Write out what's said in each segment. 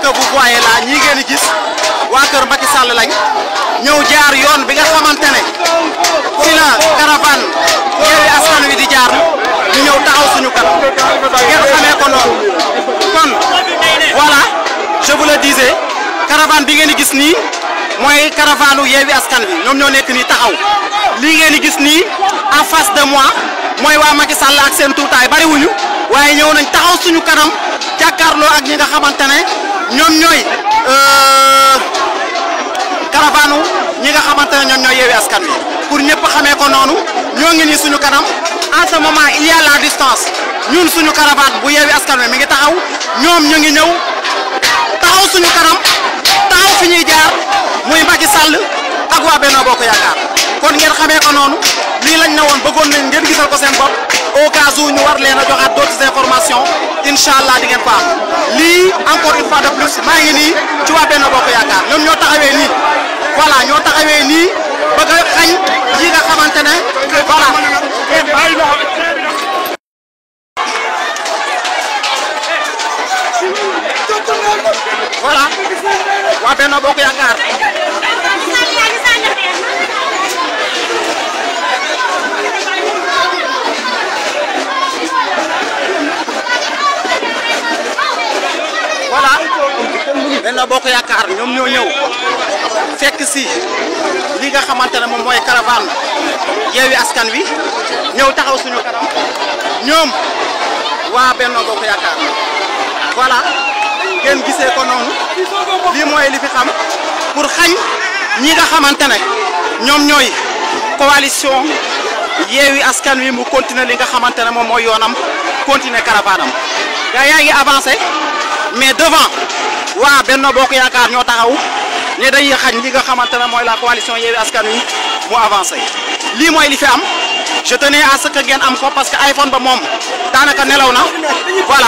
que vous voyez là ñëw bi nga xamante ne di jaar ñu ngeen xamee gis nii mooy caravane Yewwi Askan Wi ñoom ñoo nekk nii taxaw lii ngeen gis nii en face de mooy waa Macky Sall ak seen tuutaay bariwuñu waaye ñëw nañ taxaw suñu kanam jàkkaarloo ak ñi nga xamante ñoom ñooy euh, caravane ñi nga xamante ñoom ñooy yeewi askan wi pour ñëpp xamee ko noonu ñoo ngi nii suñu kanam en ce moment distance ñun suñu caravane bu yeewi askan wi mi ngi taxaw ñoom ñu ngi ñëw taxaw suñu kanam taxaw fi ñuy jaar muy Macky Sall ak waa Benno Bokk Yaakaar kon ngeen xamee ko noonu lii lañ na woon bëggoon nañ ngeen gisal ko seen bopp. au cas où ñu war leen a informations incha allah di ngeen lii encore une fois de plus maa ngi nii ci waa benn bokk yaakaar ñoom ñoo taxawee nii voilà ñoo taxawee nii bëgg a xañ yi nga xamante ne waa benn bokk yaakaar. Benno Bokk Yaakaar ñoom ñoo ñëw fekk si li nga xamante ne moom mooy caravane Yewwi Askan Wi ñëw taxaw suñu kanam ñoom waa Benno Bokk Yaakaar voilà ngeen gisee ko noonu lii mooy li fi xam pour xañ ñi nga xamante ne ñoom ñooy coalition Yewwi Askan Wi mu continuer li nga xamante ne moom mooy yoonam continuer caravane gaa yaa ngi avancé mais devant waa Benno Bokk Yaakaar ñoo taxaw ne dañuy xañ li nga xamante ne mooy la coalition Yewwi Askan Wi mu avancé lii mooy li fi am je tenais à ce am ko parce que iPhone ba moom daanaka nelaw na. voilà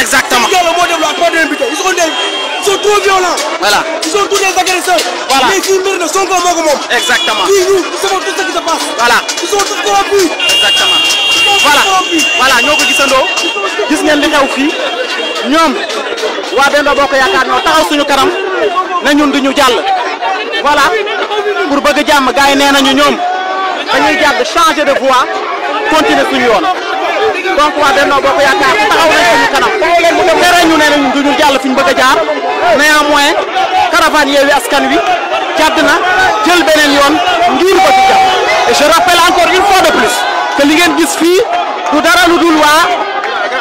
exactement. ils sont trop violents. voilà ils sont tous des agresseurs. voilà mais fii voilà voilà ñoo ko gisandoo gis ngeen li xew fii ñoom waa Benno Bokk Yaakaar ñoo taxaw suñu kanam na ñun duñu jàll voilà pour bëgg jàmm gars nee nañu ñoom dañuy jàdd changer de voie continuer suñu yoon donc waa Benno Bokk Yaakaar taxaw nañ suñu kanam tere ñu nee nañu duñu jàll fi ñu bëgg a jaar néanmoins caravane Yewwi Askan Wi jàdd na jël beneen yoon ngir ba ci jàmm et je encore une fois de plus que li gis fii du dara lu dul waa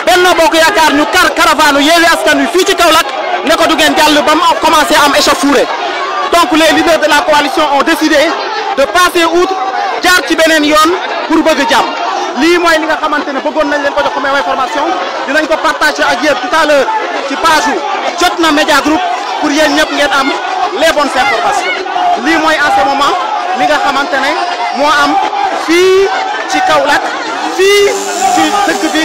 Benno Bokk Yaakaar ñu kar caravane Yewwi Askan Wi fii ci Kaolack ne ko du ngeen jàll ba mu commencé am échauffourée donc les leaders de la coalition ont décidé de passer outre jaar ci beneen yoon pour bëgg jàmm lii mooy li nga xamante ne bëggoon nañ leen ko jox comme information dinañ ko partager ak yéen tout à l'heure ci page yu Jotna Media Group pour yéen ñëpp ngeen am les bonnes informations lii mooy en ce li nga xamante ne moo am. fii ci Kaolack fii ci dëkk bi